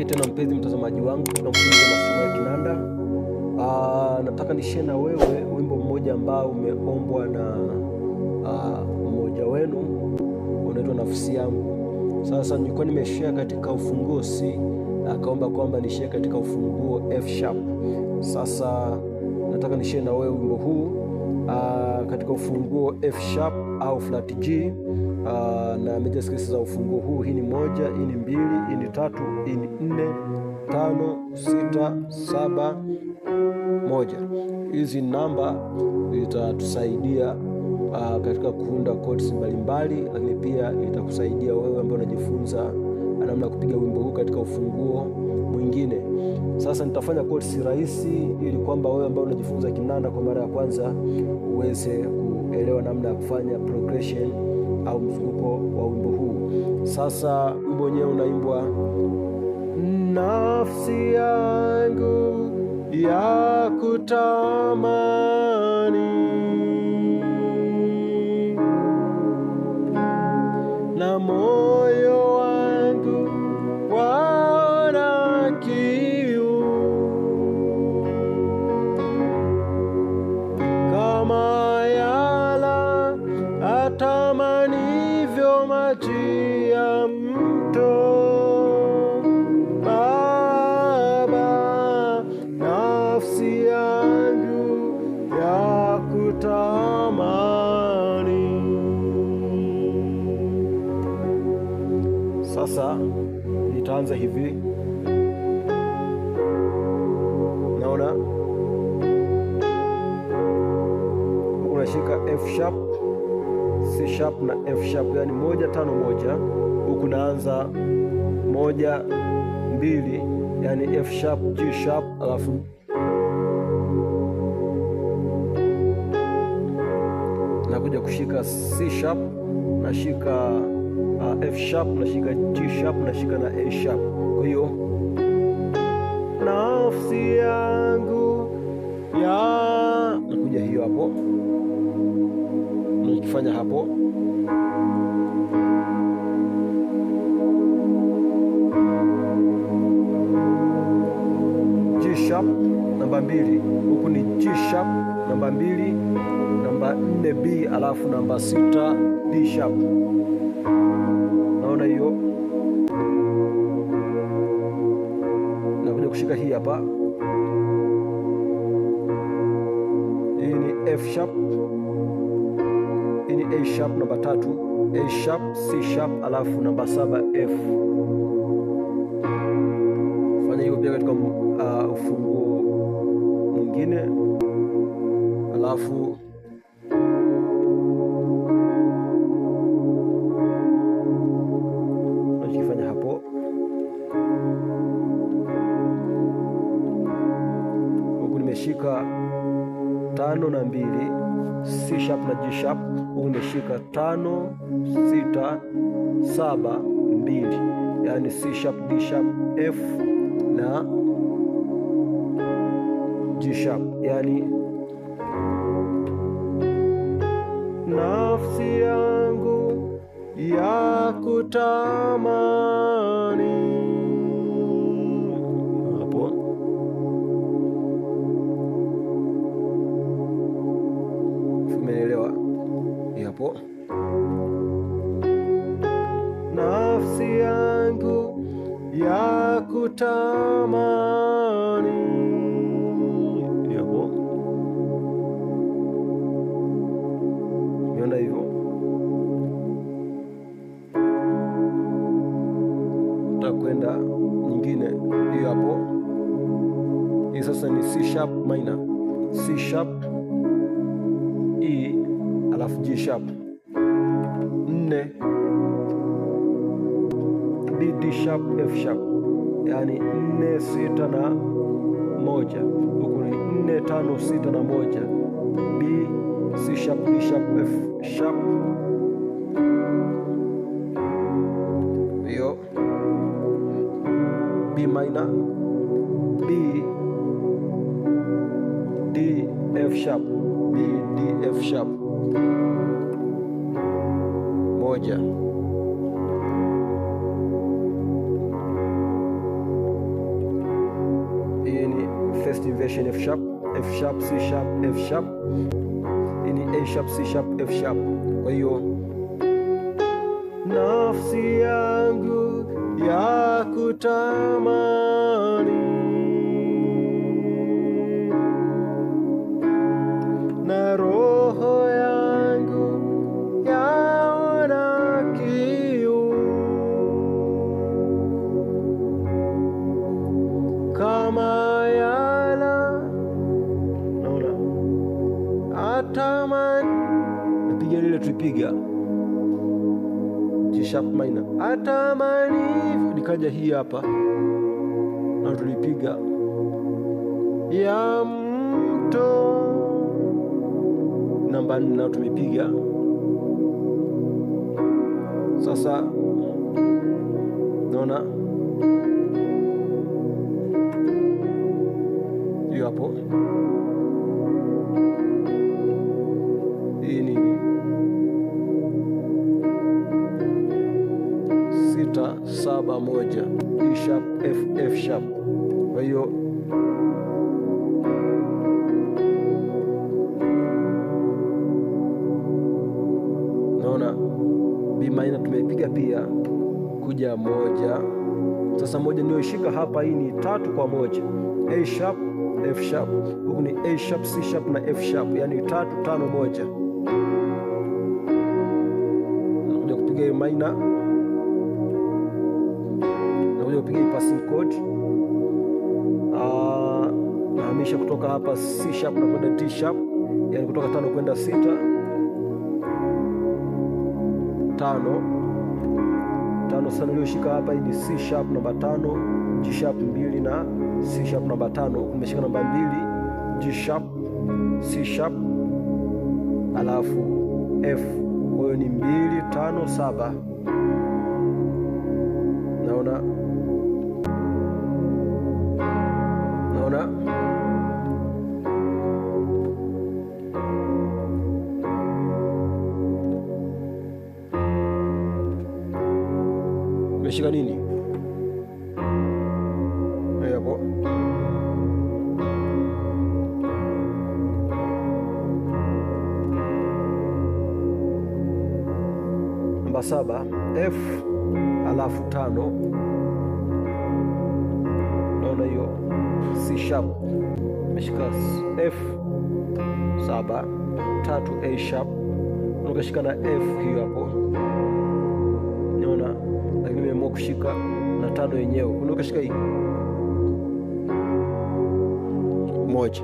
Niambie tena mpenzi mtazamaji wangu, na mpenzi masomo ya kinanda. Aa, ah, nataka nishare na wewe wimbo mmoja ambao umeombwa na ah, mmoja wenu, unaitwa nafsi yangu. Sasa nilikuwa nimeshare katika ufunguo C, akaomba kwamba nishare katika ufunguo F sharp. Sasa nataka nishare na wewe wimbo huu katika ufunguo F sharp au flat G uh, na major scales za ufunguo huu. Hii ni moja, hii ni mbili, hii ni tatu, hii ni nne, tano, sita, saba, moja. Hizi namba zitatusaidia uh, katika kuunda chords mbalimbali, lakini pia itakusaidia wewe ambaye unajifunza namna ya kupiga wimbo huu katika ufunguo mwingine. Sasa nitafanya kosi rahisi, ili kwamba wewe ambao unajifunza kinanda kwa mara ya kwanza uweze kuelewa namna ya kufanya progression au mzunguko wa wimbo huu. Sasa wimbo wenyewe unaimbwa, nafsi yangu ya kutamani katika F sharp, C sharp na F sharp, yani moja tano moja. Huku naanza moja mbili, yani F sharp, G sharp, alafu nakuja kushika C sharp, nashika uh, F sharp, nashika G sharp, nashika na A sharp, kwa hiyo kufanya hapo. G sharp namba mbili, huku ni G sharp namba mbili, namba nne B, alafu namba sita D sharp. Naona hiyo nakuja kushika hii hapa, hii ni F sharp lakini A sharp namba tatu, A sharp, C sharp alafu namba saba F. Fanya hivyo pia katika uh, ufunguo mwingine alafu unachokifanya hapo huku nimeshika tano na mbili sharp na G sharp, umeshika tano sita saba mbili, yaani C sharp, D sharp, F na G sharp, yani nafsi yangu ya kutamani moja nyingine, hiyo hapo. Hii sasa ni C sharp minor, C sharp E alafu G sharp nne D, D sharp F sharp, yaani nne sita na moja huku ni nne tano sita na moja B C sharp D sharp F sharp B minor, B, D, F sharp, B, D, F sharp. Moja. Hii ni first inversion F sharp, F sharp, C sharp, F sharp. Hii ni A sharp, C sharp, F sharp. Kwa hiyo nafsi yangu yakutamani sharp minor, atamani nikaja hii hapa na tulipiga ya mto namba 4 na tumepiga sasa, naona hiyo hapo. saba moja D sharp F F sharp. Kwa hiyo naona B minor tumeipiga pia kuja moja. Sasa moja niyoishika hapa, hii ni tatu kwa moja A sharp F sharp, huku ni A sharp C sharp na F sharp, yaani tatu tano moja, nakuja kupiga hiyo minor upige passing chord. Uh, ah, nahamisha kutoka hapa C sharp na kwenda D sharp, yani kutoka tano kwenda sita, tano tano sana ulioshika hapa ni C sharp namba tano, G sharp mbili na C sharp namba tano. Umeshika namba mbili, G sharp, C sharp alafu F. Kwa hiyo ni mbili tano saba, naona on up. nini? Hey, hapo. Namba saba F alafu tano kona hiyo C sharp umeshika F saba tatu A sharp ukashika na F hiyo hapo, unaona, lakini nimeamua kushika na tano yenyewe, ukashika hii moja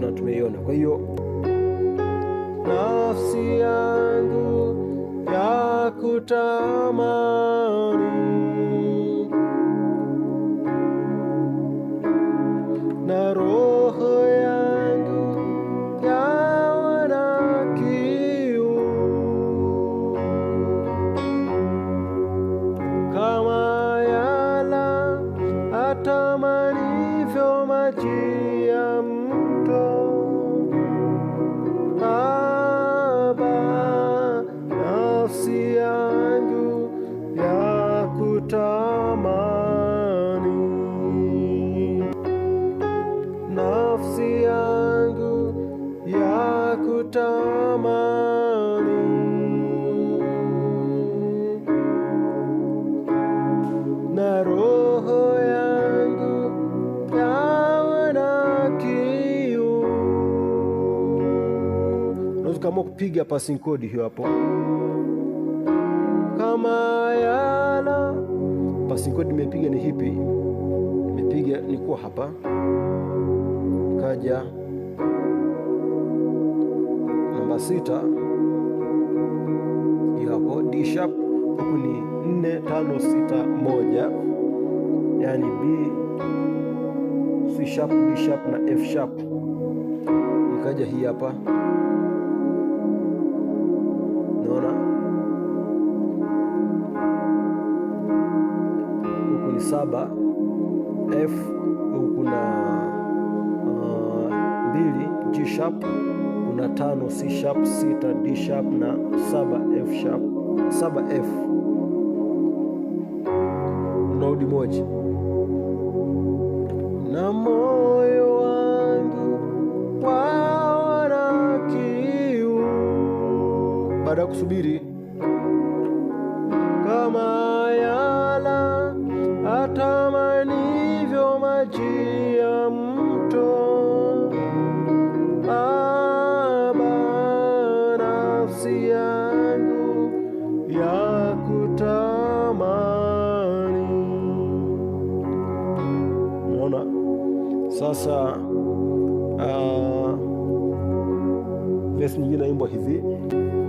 na tumeiona. Kwa hiyo nafsi yangu ya kutamani nikaamua kupiga passing code hiyo hapo, kama yana passing code nimepiga ni hipi, nimepiga nikuwa hapa, kaja namba sita hiyo hapo D sharp, huku ni nne tano sita moja, yani B C sharp D sharp na F sharp, nikaja hii hapa Unaona huku ni saba F, huku na uh, mbili G sharp, kuna tano C sharp, sita D sharp na saba F sharp, saba F nodi moja namo baada ya kusubiri kama yala atamanivyo maji ya mto aba nafsi yangu ya kutamani. mona sasa, uh, ah, vesi nyingine naimbwa hivi